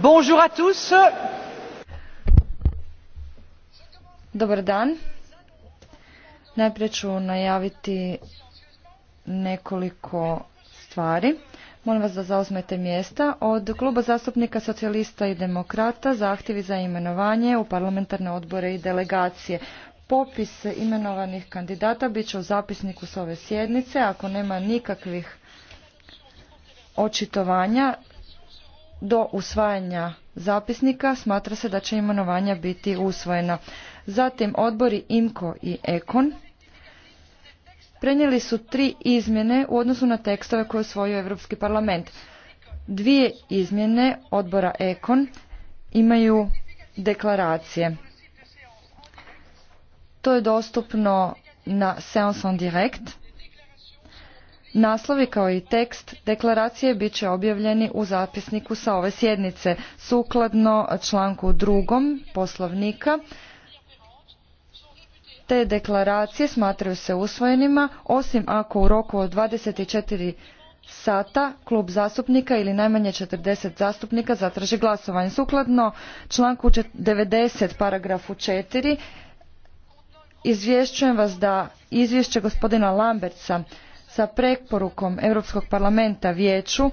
Bonjour à tous. Dobar dan. Najprije ću najaviti nekoliko stvari. Molim vas da zauzmete mjesta. Od kluba zastupnika socijalista i demokrata zahtjevi za imenovanje u parlamentarne odbore i delegacije. Popis imenovanih kandidata bit će u zapisniku s ove sjednice. Ako nema nikakvih očitovanja, do usvajanja zapisnika smatra se da će imenovanja biti usvojena. Zatim odbori IMCO i EKON prenijeli su tri izmjene u odnosu na tekstove koje je Europski parlament. Dvije izmjene odbora EKON imaju deklaracije. To je dostupno na Seanson Direct. Naslovi kao i tekst deklaracije bit će objavljeni u zapisniku sa ove sjednice sukladno članku drugom poslovnika. Te deklaracije smatraju se usvojenima osim ako u roku od 24 sata klub zastupnika ili najmanje 40 zastupnika zatraži glasovanje. Sukladno članku 90 paragrafu 4 izvješćujem vas da izvješće gospodina Lambertsa sa preporukom Europskog parlamenta vijeću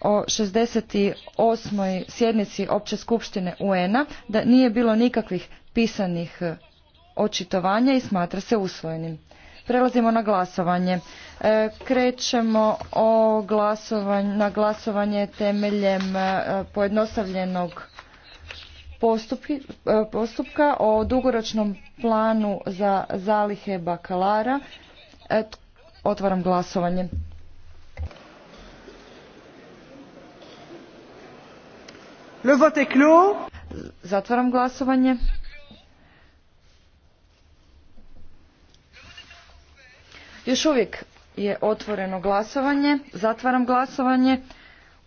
o 68. sjednici Opće skupštine UN-a da nije bilo nikakvih pisanih e, očitovanja i smatra se usvojenim. Prelazimo na glasovanje. E, krećemo na glasovanje temeljem e, pojednostavljenog postupka o dugoročnom planu za zalihe bakalara Otvaram glasovanje. Le vote est clos. Zatvaram glasovanje. Još uvijek je otvoreno glasovanje. Zatvaram glasovanje.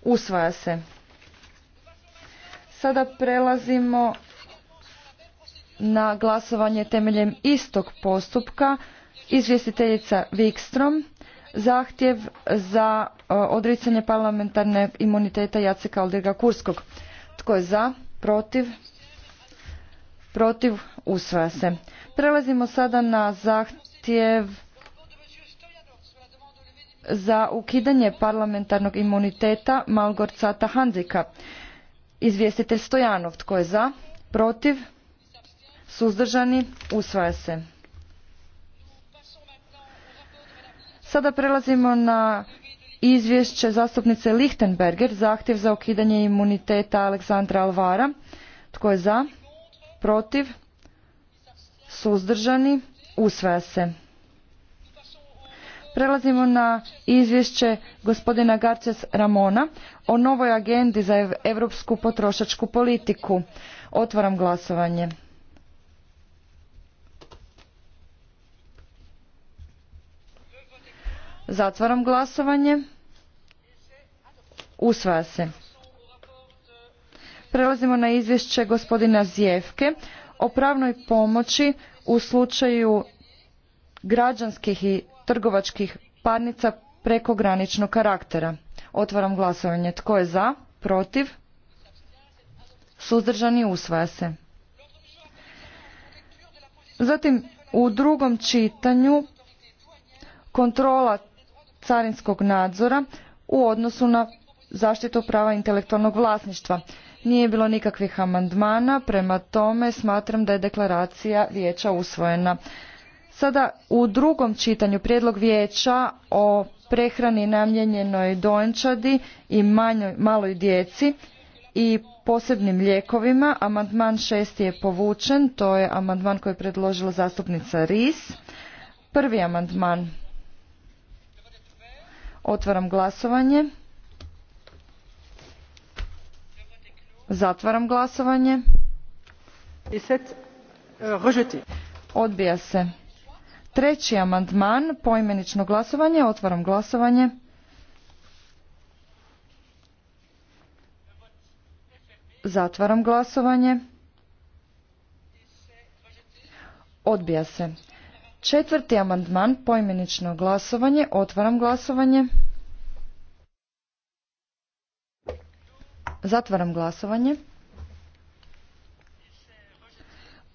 Usvaja se. Sada prelazimo na glasovanje temeljem istog postupka izvjestiteljica Vikstrom, zahtjev za e, odricanje parlamentarne imuniteta Jaceka Aldirga Kurskog. Tko je za? Protiv? Protiv? Usvaja se. Prelazimo sada na zahtjev za ukidanje parlamentarnog imuniteta Malgorcata handzika Izvjestitelj Stojanov. Tko je za? Protiv? Suzdržani? Usvaja se. Sada prelazimo na izvješće zastupnice Lichtenberger, zahtjev za ukidanje imuniteta Aleksandra Alvara. Tko je za? Protiv? Suzdržani? Usvaja se. Prelazimo na izvješće gospodina Garces Ramona o novoj agendi za europsku potrošačku politiku. Otvaram glasovanje. Zatvaram glasovanje. Usvaja se. Prelazimo na izvješće gospodina Zijevke o pravnoj pomoći u slučaju građanskih i trgovačkih parnica prekograničnog karaktera. Otvaram glasovanje. Tko je za? Protiv? Suzdržani usvaja se. Zatim u drugom čitanju kontrola carinskog nadzora u odnosu na zaštitu prava intelektualnog vlasništva. Nije bilo nikakvih amandmana, prema tome smatram da je deklaracija vijeća usvojena. Sada u drugom čitanju prijedlog vijeća o prehrani namljenjenoj dojenčadi i manjoj, maloj djeci i posebnim ljekovima Amandman šesti je povučen, to je amandman koji je predložila zastupnica RIS. Prvi amandman Otvaram glasovanje. Zatvaram glasovanje. Euh, Odbija se. Treći amandman, poimenično glasovanje. Otvaram glasovanje. Zatvaram glasovanje. Odbija se. Četvrti amandman, poimenično glasovanje. Otvaram glasovanje. Zatvaram glasovanje.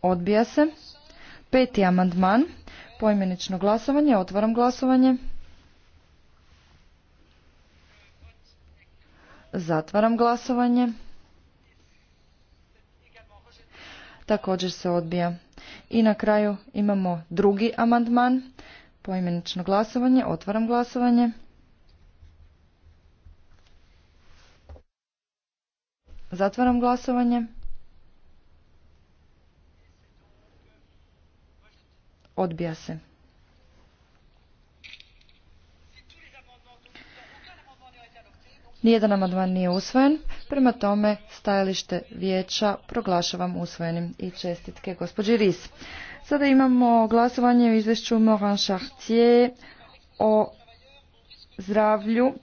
Odbija se. Peti amandman, pojmenično glasovanje. Otvaram glasovanje. Zatvaram glasovanje. Također se odbija. I na kraju imamo drugi amandman, poimenično glasovanje, otvaram glasovanje. Zatvaram glasovanje. Odbija se. Nijedan amandman nije usvojen. Prema tome, stajalište vijeća proglašavam usvojenim i čestitke gospođi Ris. Sada imamo glasovanje u izvješću Moran Chartier o zdravlju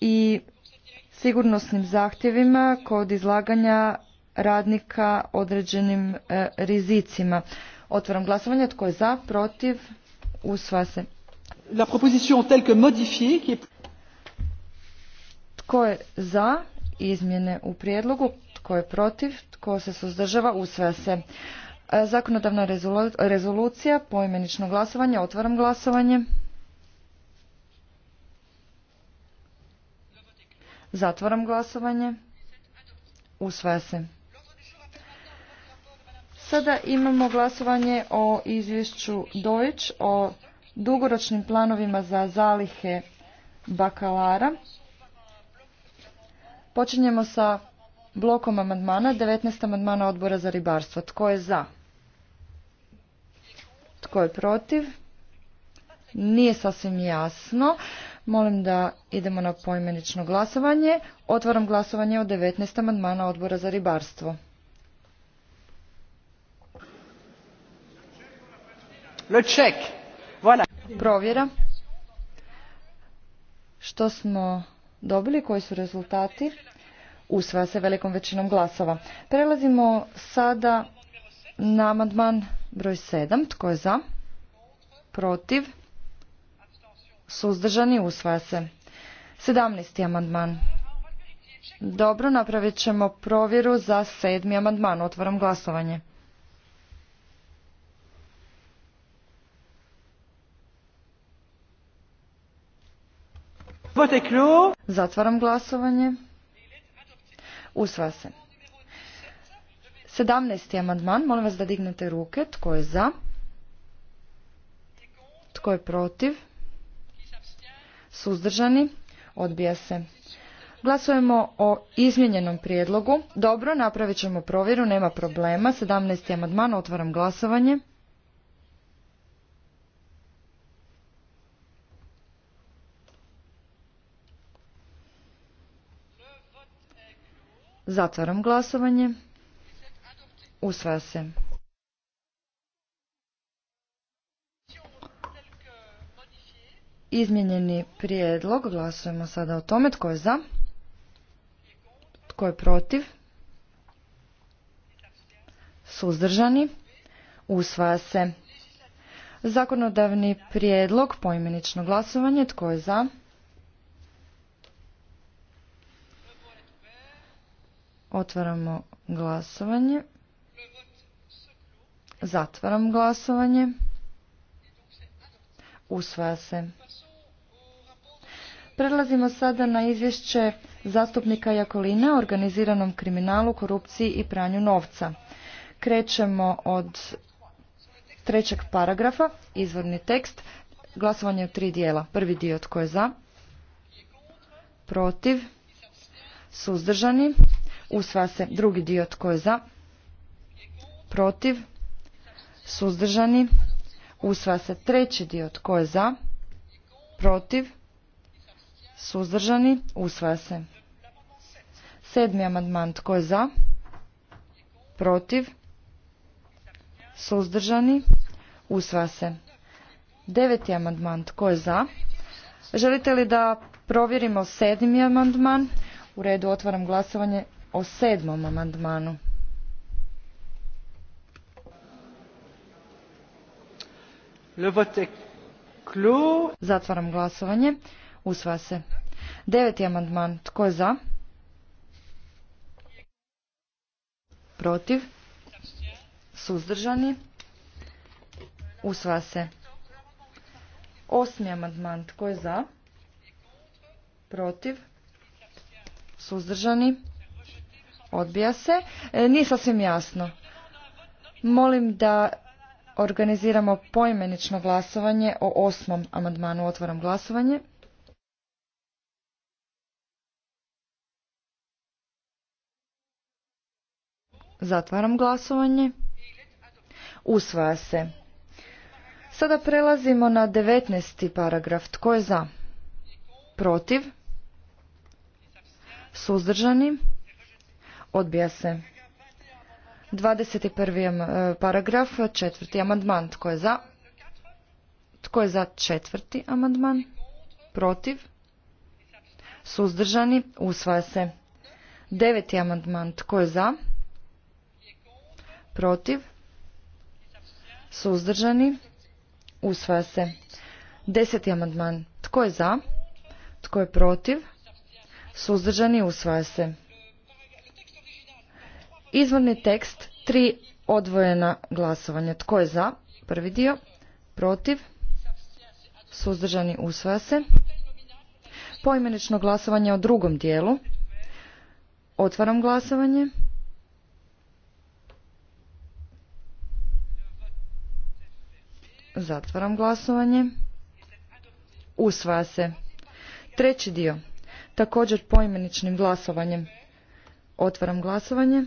i sigurnosnim zahtjevima kod izlaganja radnika određenim e, rizicima. Otvaram glasovanje. Tko je za, protiv, usva se. La proposition Tko je za, izmjene u prijedlogu. Tko je protiv? Tko se suzdržava? Usvaja se. E, zakonodavna rezolucija, poimenično glasovanje, otvaram glasovanje. Zatvaram glasovanje. Usvaja se. Sada imamo glasovanje o izvješću Dojč o dugoročnim planovima za zalihe bakalara. Počinjemo sa blokom amandmana, 19 amandmana odbora za ribarstvo. Tko je za? Tko je protiv? Nije sasvim jasno. Molim da idemo na pojmenično glasovanje. Otvaram glasovanje o 19 amandmana odbora za ribarstvo. Le Voilà. Provjera. Što smo dobili, koji su rezultati, usvaja se velikom većinom glasova. Prelazimo sada na amandman broj 7. Tko je za? Protiv? Suzdržani? Usvaja se. 17. amandman. Dobro, napravit ćemo provjeru za sedmi amandman. Otvaram glasovanje. Zatvaram glasovanje. Usva se. 17. amandman, molim vas da dignete ruke. Tko je za? Tko je protiv? Suzdržani? Odbija se. Glasujemo o izmjenjenom prijedlogu. Dobro, napravit ćemo provjeru, nema problema. 17. amandman, otvaram glasovanje. Zatvaram glasovanje. Usvaja se. Izmjenjeni prijedlog. Glasujemo sada o tome. Tko je za? Tko je protiv? Suzdržani. Usvaja se. Zakonodavni prijedlog, poimenično glasovanje. Tko je za? Otvaramo glasovanje. Zatvaram glasovanje. Usvaja se. Prelazimo sada na izvješće zastupnika Jakolina o organiziranom kriminalu, korupciji i pranju novca. Krećemo od trećeg paragrafa, izvorni tekst, glasovanje u tri dijela. Prvi dio tko je za, protiv, suzdržani, Usva se drugi dio tko je za, protiv, suzdržani. Usva se treći dio tko je za, protiv, suzdržani. Usvaja se. Sedmi amandman tko je za, protiv, suzdržani. Usva se. Deveti amandman tko je za? Želite li da provjerimo sedmi amandman? U redu otvaram glasovanje o sedmom amandmanu. Zatvaram glasovanje. Usvaja se. Deveti amandman. Tko je za? Protiv? Suzdržani? Usvaja se. Osmi amandman. Tko je za? Protiv? Suzdržani? Odbija se. E, nije sasvim jasno. Molim da organiziramo poimenično glasovanje o osmom amandmanu. Otvaram glasovanje. Zatvaram glasovanje. Usvaja se. Sada prelazimo na 19. paragraf. Tko je za? Protiv? Suzdržani? Odbija se. 21. E, paragraf, četvrti amandman. Tko je za? Tko je za četvrti amandman? Protiv? Suzdržani? Usvaja se. Deveti amandman. Tko je za? Protiv? Suzdržani? Usvaja se. Deseti amandman. Tko je za? Tko je protiv? Suzdržani? Usvaja se. Izvorni tekst, tri odvojena glasovanja. Tko je za? Prvi dio. Protiv? Suzdržani usvaja se. Poimenično glasovanje o drugom dijelu. Otvaram glasovanje. Zatvaram glasovanje. Usvaja se. Treći dio. Također poimeničnim glasovanjem. Otvaram glasovanje.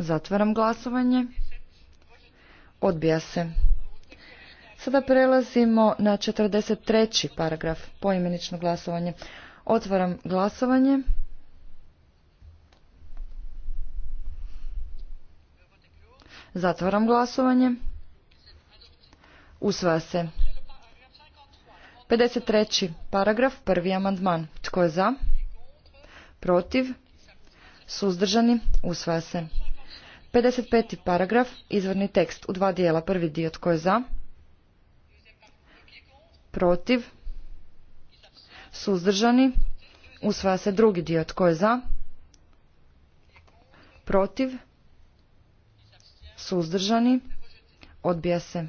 Zatvaram glasovanje. Odbija se. Sada prelazimo na 43. paragraf poimenično glasovanje. Otvaram glasovanje. Zatvaram glasovanje. Usvaja se. 53. paragraf, prvi amandman. Tko je za? Protiv? Suzdržani? Usvaja se. 55. paragraf, izvorni tekst u dva dijela. Prvi dio tko je za? Protiv? Suzdržani? Usvaja se drugi dio tko je za? Protiv? Suzdržani? Odbija se.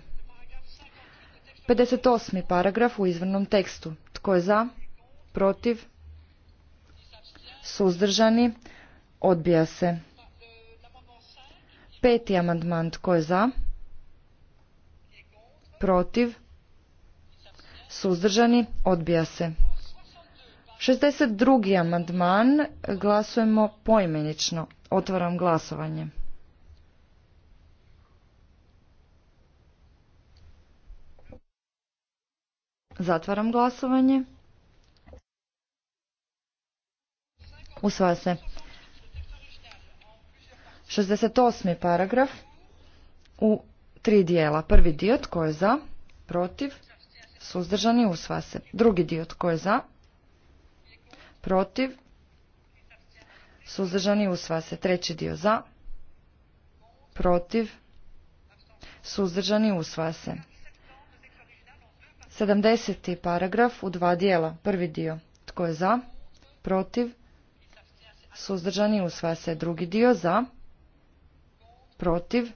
58. paragraf u izvornom tekstu. Tko je za? Protiv? Suzdržani? Odbija se. Peti amandman tko je za? Protiv? Suzdržani? Odbija se. 62. amandman glasujemo poimenično. Otvaram glasovanje. Zatvaram glasovanje. Usvaja se. 68. paragraf u tri dijela. Prvi dio tko je za, protiv, suzdržani, usva se. Drugi dio tko je za, protiv, suzdržani, usva se. Treći dio za, protiv, suzdržani, usva se. 70. paragraf u dva dijela. Prvi dio tko je za, protiv, suzdržani, usva se. Drugi dio za, protiv,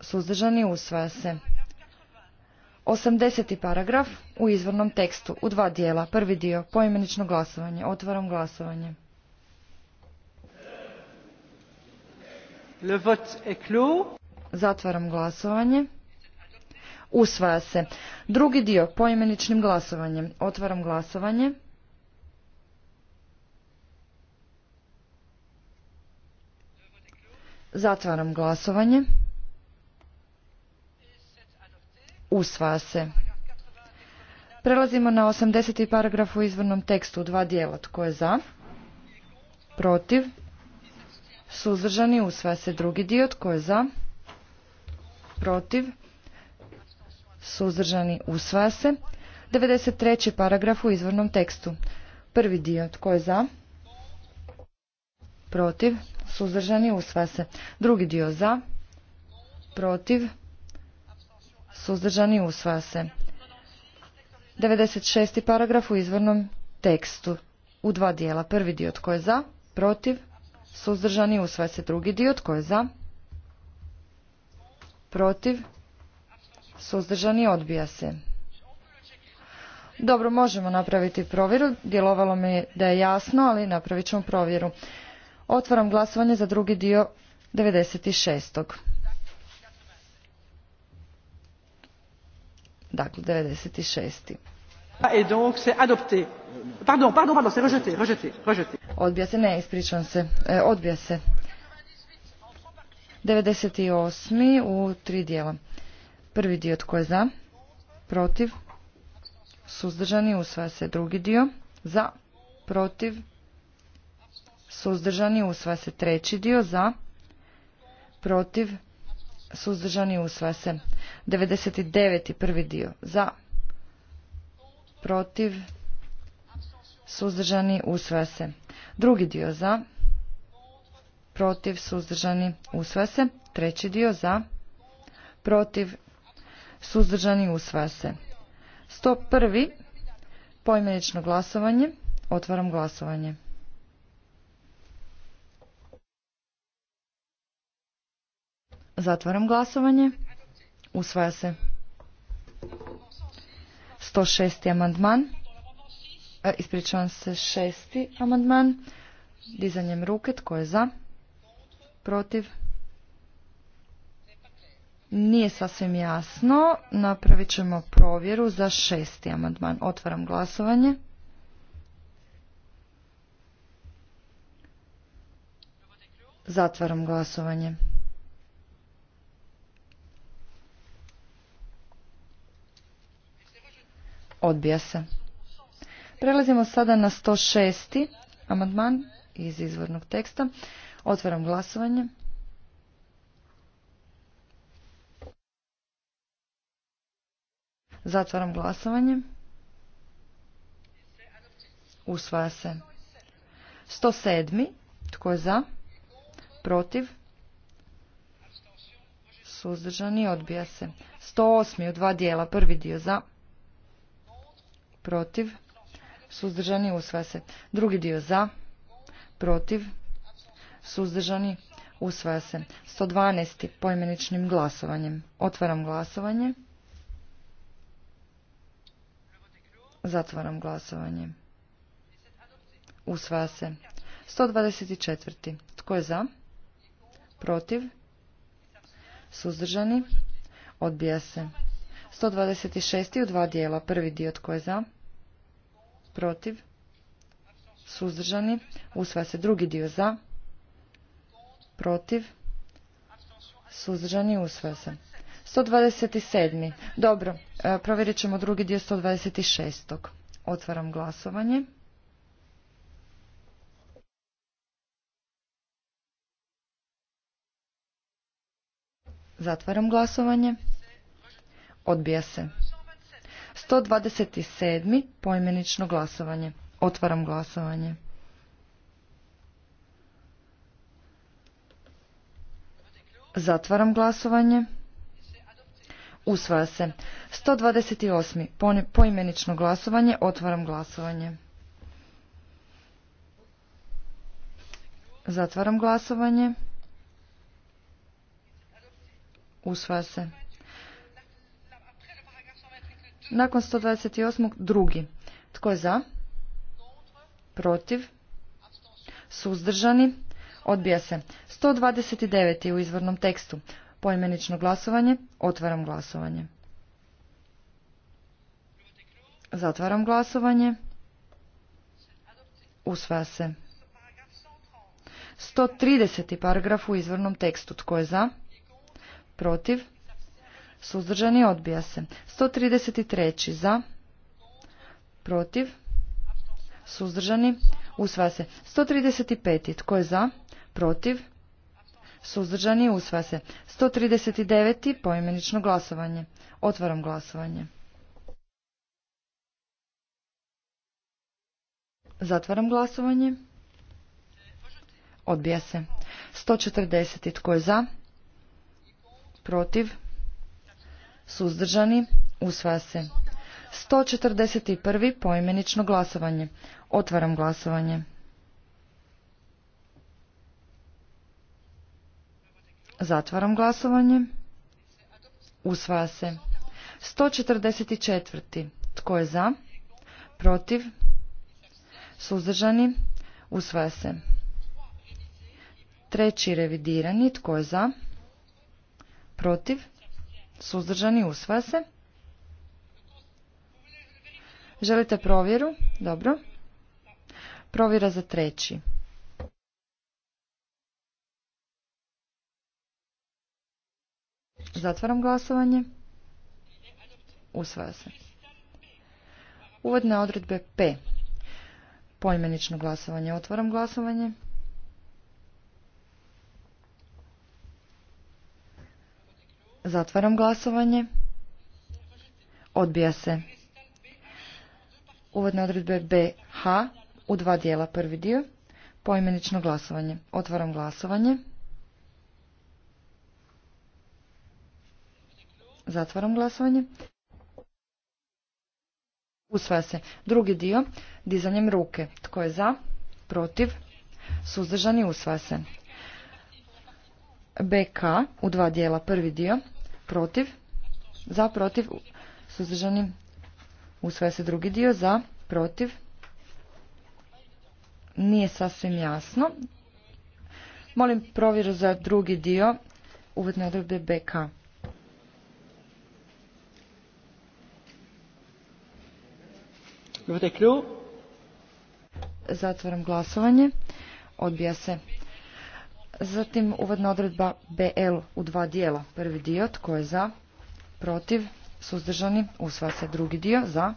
suzdržani usvaja se. 80. paragraf u izvornom tekstu u dva dijela. Prvi dio poimenično glasovanje. Otvaram glasovanje. Le vote est clos. Zatvaram glasovanje. Usvaja se. Drugi dio poimeničnim glasovanjem. Otvaram glasovanje. Zatvaram glasovanje. Usvaja se. Prelazimo na 80. paragraf u izvornom tekstu dva dijela. Tko je za? Protiv? Suzdržani? Usvaja se drugi dio. Tko je za? Protiv? Suzdržani? Usvaja se. 93. paragraf u izvornom tekstu. Prvi dio. Tko je za? Protiv? suzdržani, usvaja se. Drugi dio za, protiv, suzdržani, usvaja se. 96. paragraf u izvornom tekstu u dva dijela. Prvi dio tko je za, protiv, suzdržani, usvaja se. Drugi dio tko je za, protiv, suzdržani, odbija se. Dobro, možemo napraviti provjeru. Djelovalo mi je da je jasno, ali napravit ćemo provjeru. Otvaram glasovanje za drugi dio 96. Dakle, 96. Et donc Pardon, Odbija se, ne, ispričam se. E, odbija se. 98. u tri dijela. Prvi dio tko je za, protiv, suzdržani, usvaja se drugi dio, za, protiv, suzdržani, usva se. Treći dio za, protiv, suzdržani, usvaja se. 99. prvi dio za, protiv, suzdržani, usvaja se. Drugi dio za, protiv, suzdržani, usvaja se. Treći dio za, protiv, suzdržani, usvaja se. 101. pojmenično glasovanje. Otvaram glasovanje. Zatvaram glasovanje. Usvaja se. 106. amandman. E, ispričavam se šesti amandman. Dizanjem ruke. Tko je za? Protiv? Nije sasvim jasno. Napravit ćemo provjeru za šesti amandman. Otvaram glasovanje. Zatvaram glasovanje. Odbija se. Prelazimo sada na 106. amandman iz izvornog teksta. Otvaram glasovanje. Zatvaram glasovanje. Usvaja se. 107. Tko je za? Protiv? Suzdržani odbija se. 108. u dva dijela. Prvi dio za protiv, suzdržani, usvaja se. Drugi dio za, protiv, suzdržani, usvaja se. 112. poimeničnim glasovanjem. Otvaram glasovanje. Zatvaram glasovanje. Usvaja se. 124. Tko je za? Protiv? Suzdržani? Odbija se. 126. u dva dijela. Prvi dio tko je za? protiv, suzdržani, usvaja se drugi dio za, protiv, suzdržani, usvaja se. 127. Dobro, e, provjerit ćemo drugi dio 126. Otvaram glasovanje. Zatvaram glasovanje. Odbija se. 127. poimenično glasovanje. Otvaram glasovanje. Zatvaram glasovanje. Usvaja se. 128. Poimenično glasovanje. Otvaram glasovanje. Zatvaram glasovanje. Usvaja se. Nakon 128. drugi. Tko je za? Protiv? Suzdržani? Odbija se. 129. u izvornom tekstu. Poimenično glasovanje. Otvaram glasovanje. Zatvaram glasovanje. Usvaja se. 130. paragraf u izvornom tekstu. Tko je za? Protiv? Suzdržani odbija se. 133. Za. Protiv. Suzdržani. Usvaja se. 135. Tko je za? Protiv. Suzdržani. Usvaja se. 139. Poimenično glasovanje. Otvaram glasovanje. Zatvaram glasovanje. Odbija se. 140. Tko je za? Protiv suzdržani, usvaja se. 141. poimenično glasovanje. Otvaram glasovanje. Zatvaram glasovanje. Usvaja se. 144. Tko je za? Protiv? Suzdržani? Usvaja se. Treći revidirani. Tko je za? Protiv? Suzdržani? Usvaja se. Želite provjeru? Dobro. Provjera za treći. Zatvaram glasovanje. Usvaja se. Uvodne odredbe P. Poimenično glasovanje. Otvaram glasovanje. Zatvaram glasovanje. Odbija se. Uvodne odredbe BH u dva dijela prvi dio. Poimenično glasovanje. Otvaram glasovanje. Zatvaram glasovanje. Usvaja se. Drugi dio. Dizanjem ruke. Tko je za? Protiv? Suzdržani usvaja se. BK u dva dijela prvi dio protiv, za, protiv, suzdržani, usvaja se drugi dio, za, protiv, nije sasvim jasno. Molim provjeru za drugi dio uvodne odredbe BK. Zatvaram glasovanje. Odbija se. Zatim uvodna odredba BL u dva dijela. Prvi dio tko je za, protiv, suzdržani, usvaja se. Drugi dio za,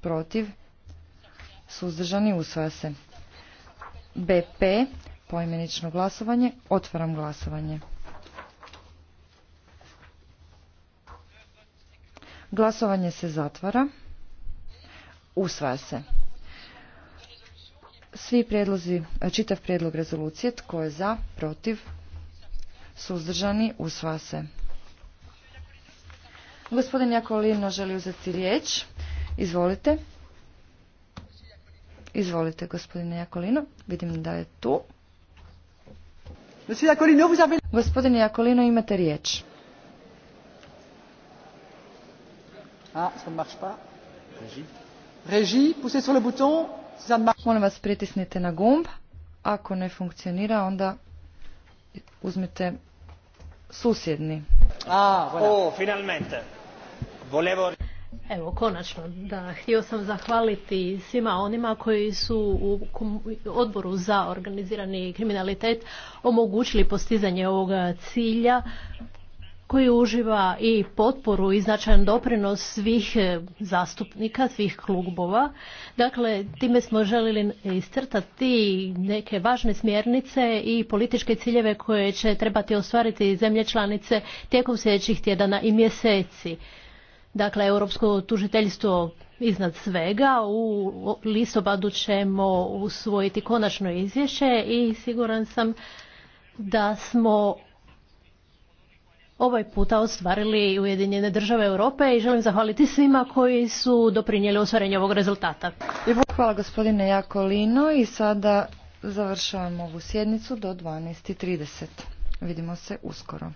protiv, suzdržani, usvaja se. BP, poimenično glasovanje, otvaram glasovanje. Glasovanje se zatvara. Usvaja se. Svi prijedlozi, čitav prijedlog rezolucije, tko je za, protiv, suzdržani, usva se. Gospodin Jakolino želi uzeti riječ. Izvolite. Izvolite, gospodine Jakolino. Vidim da je tu. Gospodine Jakolino, imate riječ. A, ah, ça ne marche pas. Régie. Régie, poussez sur le bouton. Molim vas pritisnite na gumb. Ako ne funkcionira, onda uzmite susjedni. finalmente. Evo, konačno, da, htio sam zahvaliti svima onima koji su u odboru za organizirani kriminalitet omogućili postizanje ovoga cilja koji uživa i potporu i značajan doprinos svih e, zastupnika, svih klubova. Dakle, time smo želili iscrtati neke važne smjernice i političke ciljeve koje će trebati ostvariti zemlje članice tijekom sljedećih tjedana i mjeseci. Dakle, Europsko tužiteljstvo iznad svega. U listopadu ćemo usvojiti konačno izvješće i siguran sam da smo ovaj puta ostvarili Ujedinjene države Europe i želim zahvaliti svima koji su doprinijeli ostvarenju ovog rezultata. Hvala gospodine Jakolino i sada završavamo ovu sjednicu do 12.30. Vidimo se uskoro.